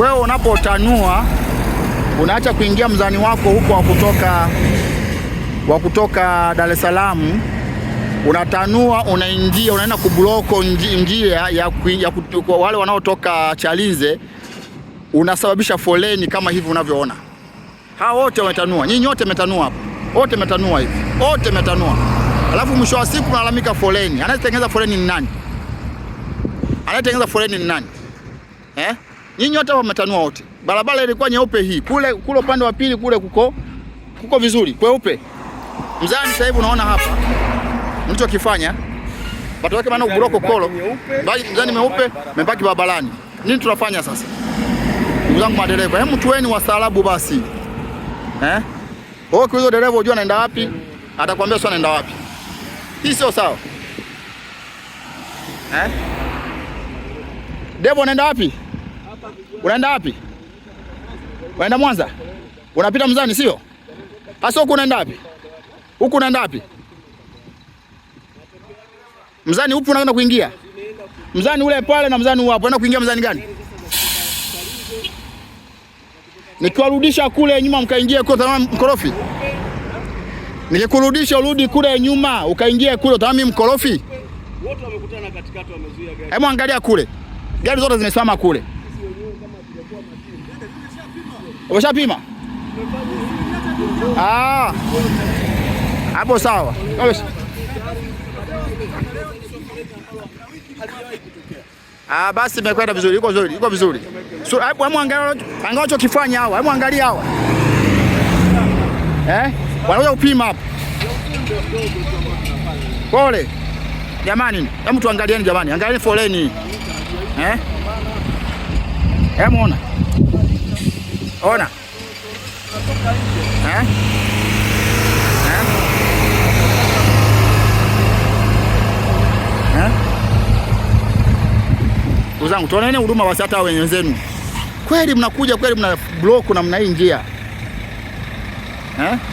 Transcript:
wewe unapotanua unaacha kuingia mzani wako huko wa kutoka wa kutoka Dar es Salaam, unatanua unaingia, unaenda kubloko njia ya, ya kwa wale wanaotoka Chalinze, unasababisha foleni kama hivi unavyoona. Hao wote wametanua, nyinyi wote mmetanua hapa, wote mmetanua hivi, wote metanua alafu mwisho wa siku unalalamika foleni. Anayetengeneza foleni ni nani? Anayetengeneza foleni ni nani eh? nyinyi hata wametanua wote. Barabara ilikuwa nyeupe hii, kule kule upande wa pili kule kuko kuko vizuri kweupe. Mzani sasa hivi unaona hapa akifanya watu wake maana ubroko kolo mzani meupe mebaki barabarani. Nini tunafanya sasa, ndugu zangu madereva? Hebu tuweni wastaarabu basi eh? Wewe ukiuliza dereva unajua anaenda wapi, atakwambia sio anaenda wapi. Hii sio sawa eh? Devo anaenda wapi? Unaenda wapi? Unaenda Mwanza? Unapita Mzani sio? Hasa huku unaenda wapi? Huku unaenda wapi? Mzani upi unaenda kuingia? Mzani ule pale na mzani wapo. Unaenda kuingia mzani gani? Nikiwarudisha kule nyuma mkaingia kule tamam mkorofi. Nikikurudisha urudi kule nyuma ukaingia kule tamam mkorofi. Wote wamekutana katikati wamezuia gari. Hebu angalia kule. Gari zote zimesimama kule. Umeshapima? Ah. Hapo sawa. Ah, basi imekwenda vizuri, iko vizuri, iko vizuri. So, hebu angalia angalia kifanya hawa. Hebu angalia hawa. Eh? Wanaweza kupima hapo. Pole. Jamani, hebu tuangalieni jamani. Angalieni foleni. Eh? Hebu ona. Ona eh? Eh? Eh? Uzangu tuonene huduma basi, hata wenzenu kweli mnakuja kweli mna block na mna hii njia eh?